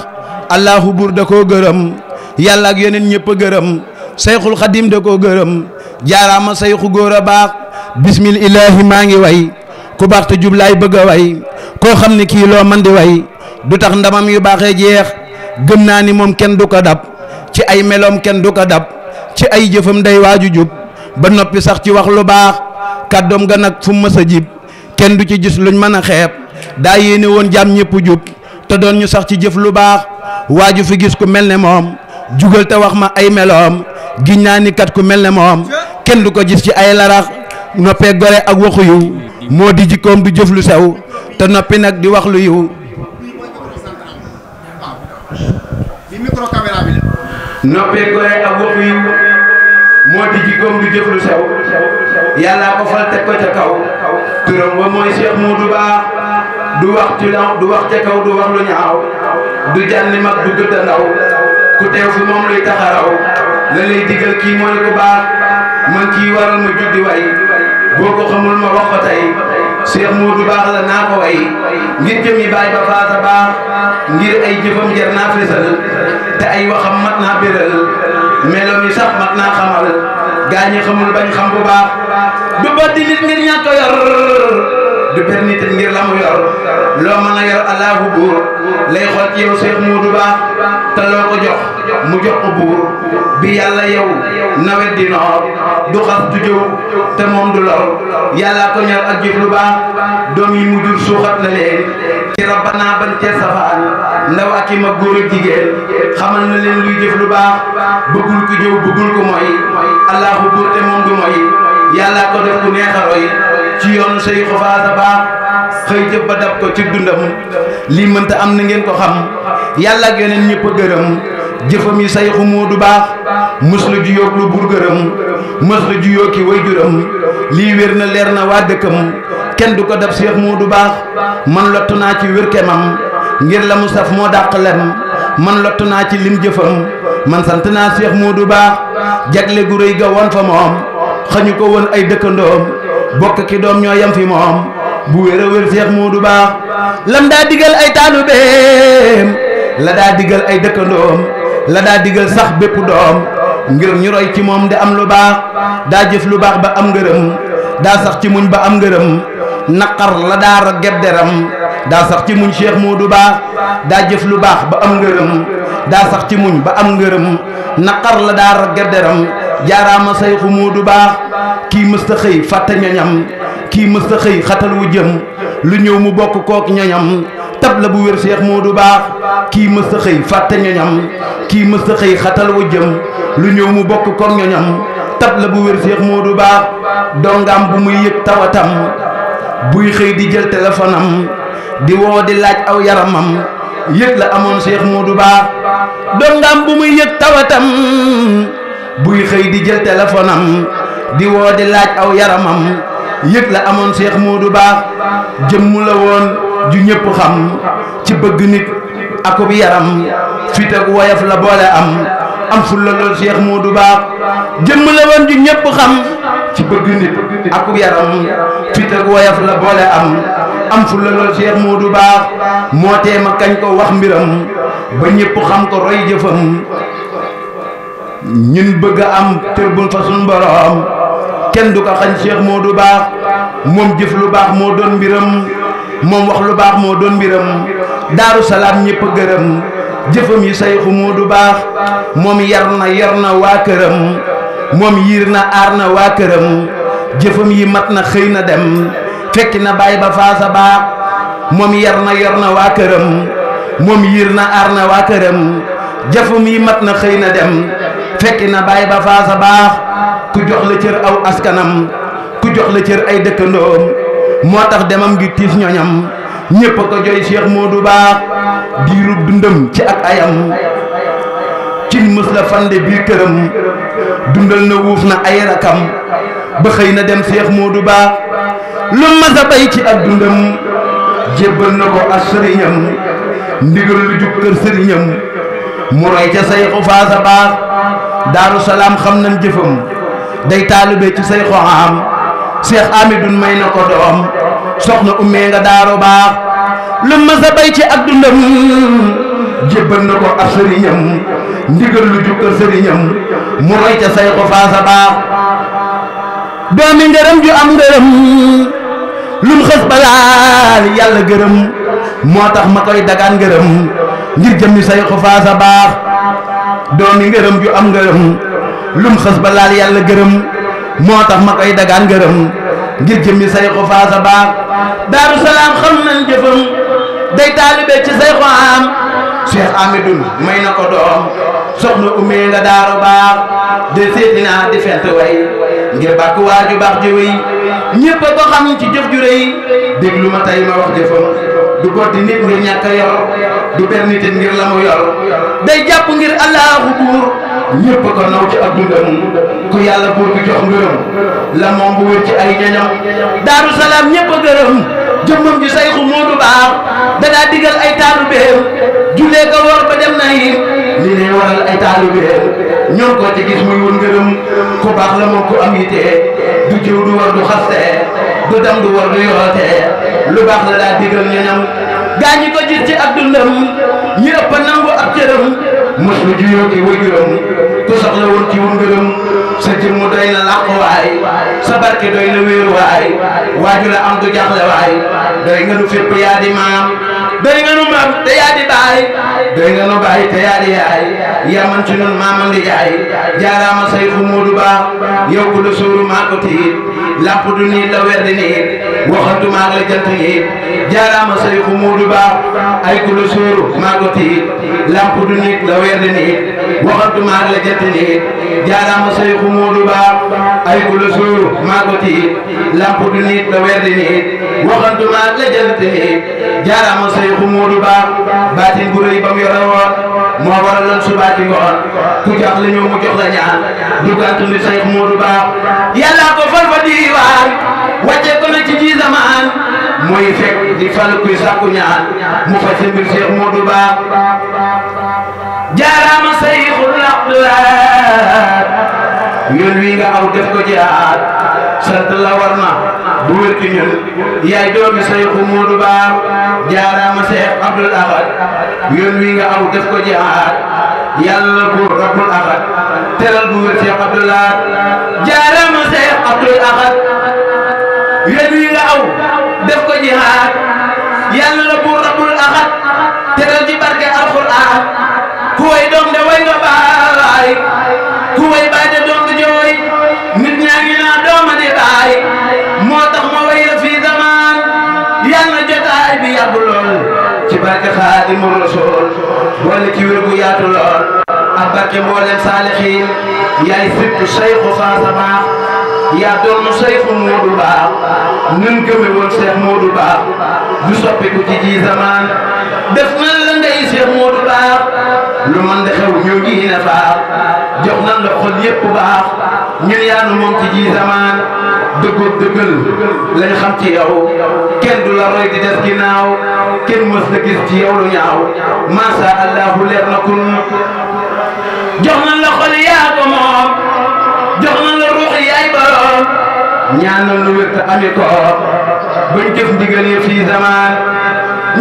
allahu buur da koo gërëm yàlla ak yeneen ñëpp a gërëm sayxul xadim da koo gërëm jaaraama sayxu góor a baax bismillahi maa ngi way ku baax te jublaay bëgg a way koo xam ne kii loo man di way du tax ndamam yu baaxee jeex gëm naa ni moom kenn du ko dab ci ay meloom kenn du ko dab ci ay jëfam day waaju jub ba noppi sax ci wax lu baax kàddoom ga nag fu mu mës a jib kenn du ci gis luñ mën a xeeb daa yéene woon jàmm ñépp jub te doon ñu sax ci jëf lu baax waaju fi gis ku mel ne moom jugal te wax ma ay meloom giñ naa ni kat ku mel ne moom kenn du ko gis ci ay larax noppee gore ak waxu yiw moo di jikkoom du jëf lu sew te noppi nag di wax lu yiw yàllaa ko fal ko ca kaw turam wa mooy Cheikh Modou Ba du wax ci wax ca kaw du wax lu ñaaw du jànni mag du gëdd ndaw ku teew fi moom luy taxaraw la lay digal kii mooy ku baax man kii waral ma juddi way boo ko xamul ma wax ko tey Cheikh du baax la naa ko way ngir jëm yi bàyyi ba faata baax ngir ay jëfam jar naa fésal te ay waxam mat naa béral meloom yi sax mat naa xamal gaañi xamul bañ xam bu baax du baddi nit ngir ñàkk yor du per nit ngir la yor loo mën a yor allahu buur lay xool ci yow Cheikh Modou Ba te loo ko jox mu jox ko buur bi yàlla yow nawet di noor du xas du jëw te moom du lor yàllaa ko ñor ak lu baax doom yi mu jur suuxat na leen ci rabbanaa ban cee safaan ndaw ak i mag góor ak jigéen xamal na leen luy jëf lu baax bëggul ko jëw bëggul ko mooy allahu buur te moom du mooy yàllaa ko def ku neex a roy ci yoonu say xofaasa baax xëy jëf ba dab ko ci lii mënta am na ngeen ko xam yàlla ak ñépp ñëpp a gërëm sa yi say du baax mës la ju yóog lu bur gërëm mës ju yóog ki way juram lii wér na leer na waa dëkkam kenn du ko dab seex moo du baax man lottu naa ci wér kemam ngir la mu saf moo dàq lem man lottu naa ci lim jëfam man naa seex moo du baax jagle gu rëy ga woon fa moom xañu ko woon ay dëkkandoom bokk ki doom ñoo yam fi moom bu wér a wér moo du baax lam daa digal ay taalubeem la daa digal ay dëkkandoom la daa digal sax bépp doom ngir ñu roy ci moom di am lu baax daa jëf lu baax ba am ngërëm daa sax ci muñ ba am ngërëm naqar la daa ra gedderam daa sax ci muñ seex moo du baax daa jëf lu baax ba am ngërëm daa sax ci muñ ba am ngërëm naqar la daa ra gedderam jaaraama sayxu du baax kii mësta xëy fàtte ñañam kii mësta xëy xatal wu jëm lu ñëw mu bokk kook ñañam tab la bu wér seex muudu baax kii mësta xëy fàtte ñañam kii mësta xëy xatal wu jëm lu ñëw mu bokk kook ñañam tab la bu wér seex du baax dongam bu muy yëg tawatam buy xëy di jël téléphone am di woo di laaj aw yaramam yëg la amoon seex muudu baax dongam bu muy yëg tawatam buy xëy di jël téléphone di woo di laaj aw yaramam yëg la amoon Cheikh Modou baax jëmm la woon ju ñëpp xam ci bëgg nit akub yaram fit ak la boole am am fulla lool Cheikh Modou Ba jëmm la woon ju ñëpp xam ci bëgg nit akub yaram fit ak la boole am am fulla lool Cheikh Modou Ba moo tee kañ ko wax mbiram ba ñëpp xam ko roy jëfam ñun bëgg am kër buñ fa suñ borom kenn du ko xañ Cheikh moo du baax moom jëf lu baax moo doon mbiram moom wax lu baax moo doon mbiram daaru salaam ñëpp gërëm jëfam yi sayxu moo du baax moom yar na yar na waa këram moom yiir na aar na waa këram jëfam yi mat na xëy na dem fekki na bàyyi ba faasa baax moom yar na yar na waa këram moom yiir na aar na waa këram jëfam yi mat na xëy na dem fekki na baay ba faasa baax ku jox la cër aw askanam ku jox la cër ay dëkkandoom moo tax demam gi tiis ñoñam ñépp ko joy moo du baax diirub dundam ci ak ayam cin mës la fande bii këram dundal na wuuf na ay rakam ba xëy na dem Cheikh du baax lu mas a bay ci ak dundam jébbal na ko ak sëriñam ndigal lu jub sëriñam mu roy ca say xufaasa baax daaru salaam xam nañ jëfam day taalibe ci say xoxaam Cheikh Amidou may na ko doom soxna ummee nga daaru baax lu mës a bay ci ak dundam jébbal na ko ab sëriñam ndigal lu jukkal sëriñam mu roy ca say ko faasa baax doomi ngërëm ju am ngërëm lum xës balaal yàlla gërëm moo tax ma koy dagaan ngërëm ngir jëmmi say ko faasa baax doomi ngërëm ju am ngërëm lum xës ba laal yàlla gërëm moo tax ma koy dagaan ngërëm ngir jëmmi sayxu faasa baax daaru salaam xam nañ jëfam day taalibe ci sayxu am cheikh amidun may na ko doom soxna umee nga daaru baax de seetinaa di fent way ngir bàkku waaju baax ji wéy ñépp a ko xam ci jëf ju rëy déglu ma tey ma wax jëfam du goddi nit ngir ñàkk a yor du bernité ngir la mu yor day jàpp ngir allahu buur ñëpp ko naw ci ak dundam ku yàlla buur bi jox ngërëm la moom bu wér ci ay ñañam daaru salaam ñëpp a gërëm jëmmam ji sayxu moodu baax danaa digal ay taalibeem jullee ko woor ba dem na yi li ne waral ay taalibeem ñoom ko ci gis muy wun ngërëm ku baax la moom ku am yitee du jiw du war du xaste du dam du war du yoote lu baax la daa digal ñoñam gaa ñi ko gis ci ab dundam ñi ëpp a nangu ab cëram mos lu juyoo ki wajuram ku soxla woon ci wun gërëm sa jëmm doy na làq waay sa barke doy na wéeru waay waaju la am du jaxle waay doy nga nu fépp yaa di maam doy nga nu maam yaa di baay doy nga nu baay te yaa di yaay yaa man ci nun maamam di jaay jaaraama say fu muudu baax la suuru maa ko tiit du nii la werdi nii waxantuma la jant yi jaaraama sayxu muudu baax ay kulu suuru maa ko tiit lamp du nit la weer di nit waxantuma la jant nit jaaraama sayxu muudu baax ay kulu suuru maa ko tiit lamp du nit la weer di nit waxantuma la jant nit jaaraama sayxu muudu baax baatin bu rëy ba mu moo waraloon su baati ku jox la ñëw jox la ñaan du gàtt ni sayxu muudu baax yàlla fal fa diiwaan wàccee ko na ci ji zaman moy fek di fal kuy sàkku ñaan mu fa ci mbir Cheikh Modou Ba jaaraama sayxul abdulaat ñun wi nga aw def ko jihaad sant la warna bu wér ci ñun yaay doomi sayxu Modou Ba jaaraama Cheikh abdul Ahad ñun wi nga aw def ko jihaad yalla ko rabbul ahad teral bu wér Cheikh Abdoul Ahad jaaraama Cheikh Abdoul Ahad daaw def ko jihaad yàlla la buur rabbul ahad teral ci barke alxuraan ku way doom de way nga baay ku way baay de doom de jooy nit ñaa ngi naa dooma di baay moo tax ma way la fii zamaan yàlla jotaay bi yàggu lool ci barke xaadimu rasul wala ci wér gu yaatu lool ak barke mboolem saalixiin yaay sirtu sayxu saa sabaax yaa doon Seexu Moodu Ba nun gëme woon Seex Moodu Ba du soppiku ci ji zamaan def na la Seex Moodu Ba lu man de xew ñu ngi na baax jox nan la xol yépp baax ñun yaa nu moom ci ji zamaan dëggoog dëggal lañ xam ci yow kenn du la roy di des ginnaaw kenn mës na gis ci yow ñaaw macha allahu leer na kun jox nan la xol ñaanal nu wér te ko buñ jëf ndigal yi fii zaman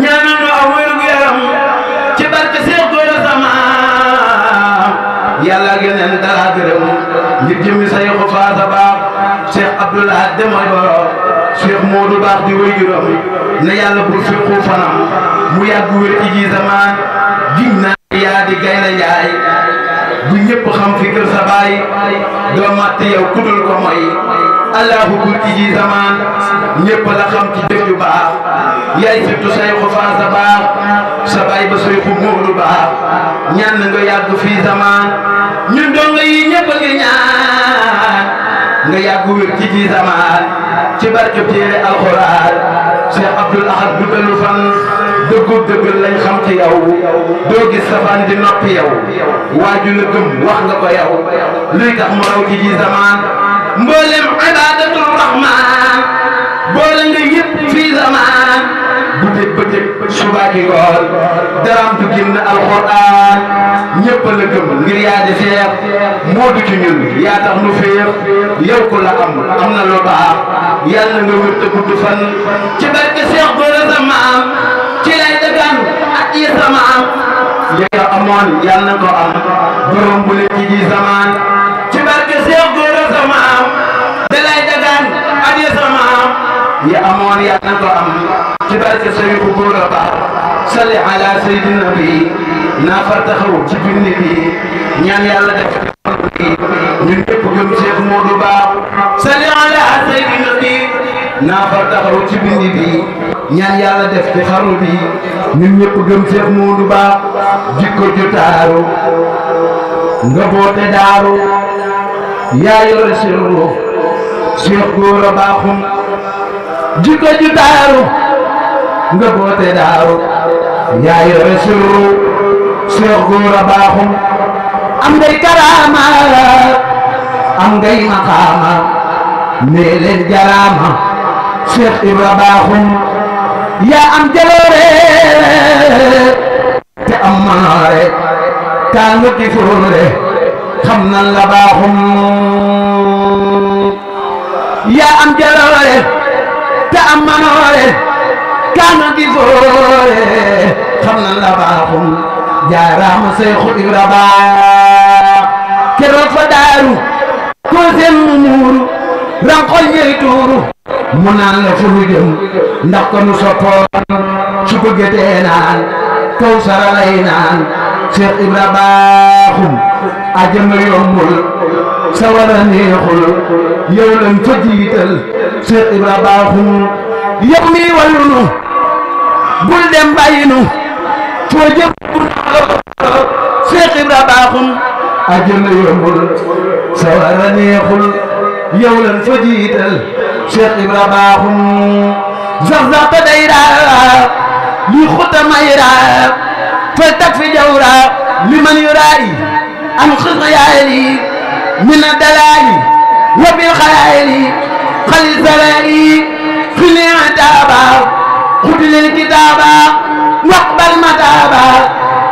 ñaanal nu aw yaram ci barke Seex Góora Zaman yàlla geneen dara gërëm ngir jëmmi say baax Seex Abdul dema borom Seex Moodu baax di wéyjuram na yàlla bu fekku fanam mu yàgg wér ci ji zaman naa yaa di gaynde Njaay bu ñëpp xam fikir sa baay doo màtt yow kudul ko mooy allahu bur ci ji zaman ñëpp la xam ci jëf yu baax yaay surtout say ko faa baax sa ba soy ko muur baax ñaan nga yàgg fii zaman ñun dong yi ñëpp nga nga yàgg wér ci ji zaman ci barke téere alxuraan Cheikh Abdoul Ahad bu dellu fan dëggul dëggal lañ xam ci yow doo gis safaan di noppi yow waaju la gëm wax nga ko yow luy tax mu raw ci ji zamaan mboolem ibaadatul rahmaan boole nga yëpp fii zamaan guddeeg bëccëg subaa ki ngoon daraam du génn alxuraan ñëpp la gëm ngir yaa di seer moo du ci ñun yaa tax nu féer yow ku la am am na lu baax yàlla nga wér te gudd fan ci barke Seex Gora Zamaan ci lay dëggaan ya ci sama am li nga na ko am borom bu leen di zamaan ci barke Seex Góora sama am da lay dëggaan ak ci sama am yi amoon na ko ci barke Seex Góora ba salli ala sayyidina nabi naa far taxaw ci bindi bi ñaan yàlla def ñun ñëpp gëm Seex Moodu naafar taxaw ci bindi bi ñaan yàlla def ci xaru bi ñun ñëpp gëm Seex Moodu baax jikko ju taaru nga boote daaru yaa sirru sirru Seex baaxum am ngay karaama am ngay maqaama nee leen jaraama Cheikh Ibra baaxum yaa am jaloore te am manoore kaa nga gisoon re nan la baaxum yaa am jaloore te am manoore kaa nga gisoore xam nan la baaxum jaaraama Seexu Ibra baax keroog fa daaru koo seen mu muuru rankoy yey tuuru mu naan la fu ñu jëm ndax ko nu soppoon su bëggee tee naan kaw sara lay naan Cheikh Ibra baaxum ajama yombul sawara neexul yow lañ fa jiital Cheikh Ibra baaxum yow mi wallunu bul dem bàyyi nu foo jëm Cheikh Ibra baaxum ajama yombul sawara neexul yow lan fa jiital Cheikh Ibra baaxum zarzat dayra li xuta mayra fal tak fi jawra li man yuraayi an xisyaali min adalaali wa bil xayaali xali salaali xili ataaba xudlil kitaaba waqbal mataaba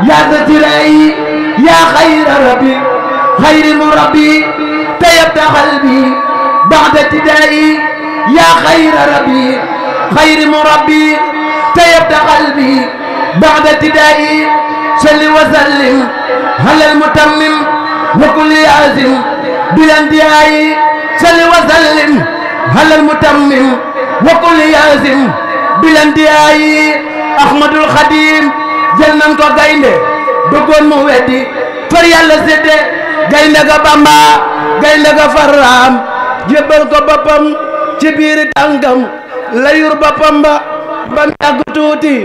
yaa zatiraayi yaa xayra rabbi xayri murabbi tayabta qalbi بعد ابتدائي يا خير ربي خير مربي تيبت قلبي بعد ابتدائي صل وسلم على المتمم وكل عازم بلا انتهاء صل وسلم على المتمم وكل عازم بلا انتهاء احمد الخديم jël nañ ko gaynde bëggoon mu weddi far yàlla sédde gaynde ga Bamba gaynde ga Faram jébbal ko boppam ci tànkam layur boppam ba ba yàgg tuuti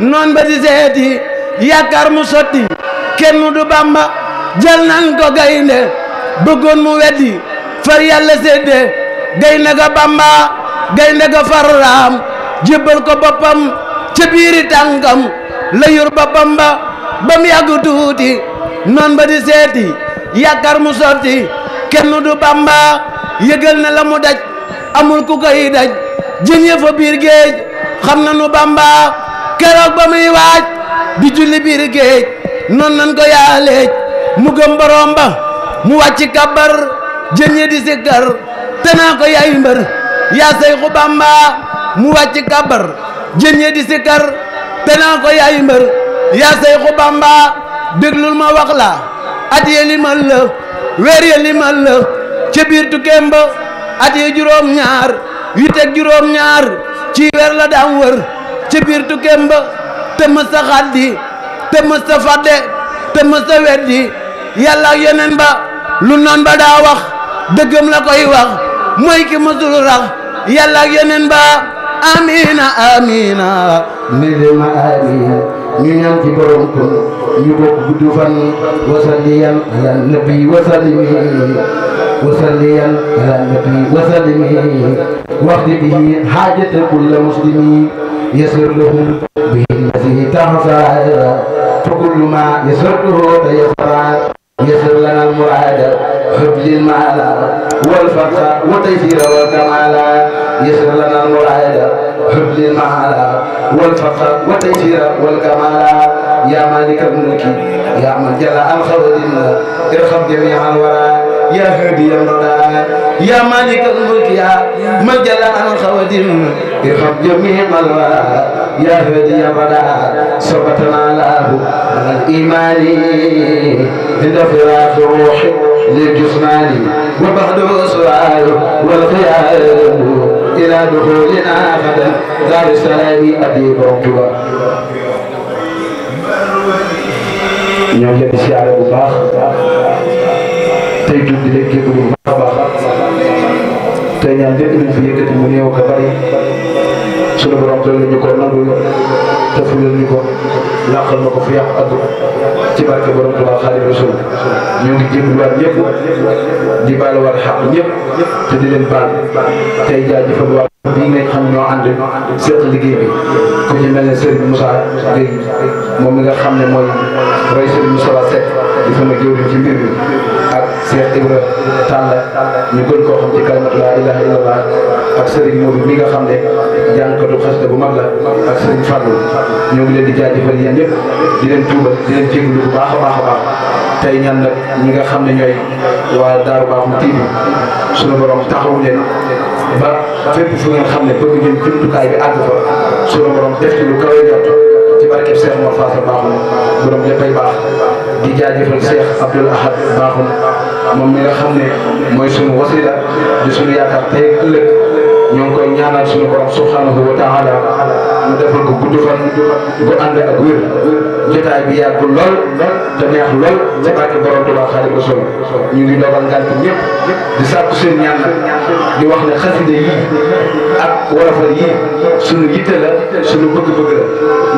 noon ba di seeti yaakaar mu sotti kenn du bamba jël nan ko gaynde bëggoon mu weddi far yàlla sédde gaynde ga bamba gaynde ga farraam jébbal ko boppam ci tànkam layur boppam ba ba yàgg tuuti noon ba di seeti yaakaar mu sotti kenn du bamba yëgal na la mu daj amul ku koy daj jën ya fa biir géej xam na nu Bamba keroog ba muy waaj di julli biir géej noon nan ko yaaleej mu gëm borom ba mu wàcc kabar jën ya di sikkar te ko yaay mbër yaa Seyxu Bamba mu wàcc kabar jën ya di sikkar te ko yaay mbër yaa Seyxu Bamba déglul ma wax la at ya limal weer ya limal ca biir tukkeem ba juróom ñaar wi teg juróom ñaar ci la daan wër ca biir tukkeem ba te mës a xaddi te mës a fadde te mës a weddi yàlla yeneen ba lu noon ba daa wax dëggam la koy wax mooy ki mësul rax yàlla yeneen ba amina amina mi ma amina ñu ñaan ci borom kun ñu bokk gudd fan wasalliyan ala nabi wasalimi wasalliyan ala nabi wasalimi waxti bihi xaajata kulla muslimi yasir lahum bihi nasi tahsara fa kullu ma yasirtuhu tayasara يسر لنا المراد حب للمعالى والفرح والتيسير والكمال يسر لنا المراد حب المعالى والفخر والتيسير والكمال يا مالك الملك يا من جل الخلق ارحم جميع الورى يا هادي المنى يا مالك الملك يا من جل الخلق ارحم جميع الورى يا هادي المنى صبتنا له من الايمان عند فراق الروح للجسمان وبعده سؤال والخيال إلى دخولنا غدا دار السلام أبي بوكبا ñoo ngi leen di siyaare bu baax tey jub di leen génn bu baax a baax ñaan lépp luñ fi yëkkati mu néew ko bari suñu borom doole ñu ko nangul te fu ñu ko làqal na ko fu yàqu addu ci barke borom Tuubaa Xaadimu Rasuul ñu ngi jégluwaat ñëpp di baaluwaat xaq ñëpp te di leen baal tey jaajëfal waa bii nga xam ñoo ànd seq liggéey bi ku ci mel ne Serigne Moussa Gueye moom mi nga xam ne mooy roy Serigne Moussa Seck di sama jëwriñ ci mbir bi Cheikh Ibra Tall ñu gën koo xam ci kalimat laa ilaha illallah ak Serigne Modou mi nga xam ne jànkatu xasida bu mag la ak Serigne Fallou ñoo ngi leen di jaajëfal yéen ñëpp di leen tuubal di leen jégalu bu baax a baax a baax tey ñaan nag mi nga xam ne ñooy waa Daaru Baaxum TV suñu borom taxawu leen ba fépp fu ngeen xam ne bëgg ngeen jumtukaay bi àgg fa suñu borom def ci lu kawe jot ci barkeb Cheikh Mor Fassal baaxum borom léppay baax di jaajëfal Cheikh Abdoul Ahad Bakhoum moom mi nga xam ne mooy sunu wasila di sunu yaakaar tey ëllëg ñoo ngi koy ñaanal suñu borom subhanahu wa taala mu defal ko gudd fan bu ànd ak wér jotaay bi yàgg lool te neex lool ci barke borom Tuubaa Xaadimu Rasuul ñu ngi dogal ngant ñëpp di sàkku seen ñaan di wax ne xasida yi ak wolofal yi sunu yitte la sunu bëgg-bëgg la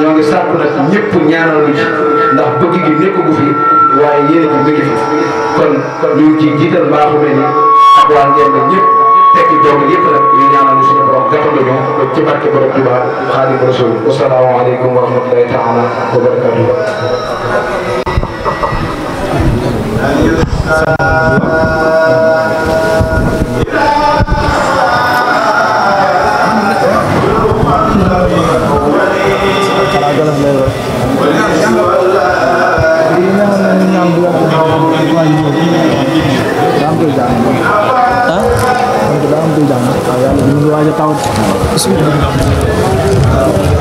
ñoo ngi sàkku nag ñëpp ñaanal ñu ci ndax bëgg gi nekkagu fi waaye yéene ji mi ngi fi kon ñu ngi ciy jiital mbaaxu mel ni ak waa ngeen na ñëpp tekki doom yëpp nag ñu ñaanal ñu suñu borom gàttal ñu ci barke borom Tuuba Xaadimu Rasuul wasalaamaaleykum wa そう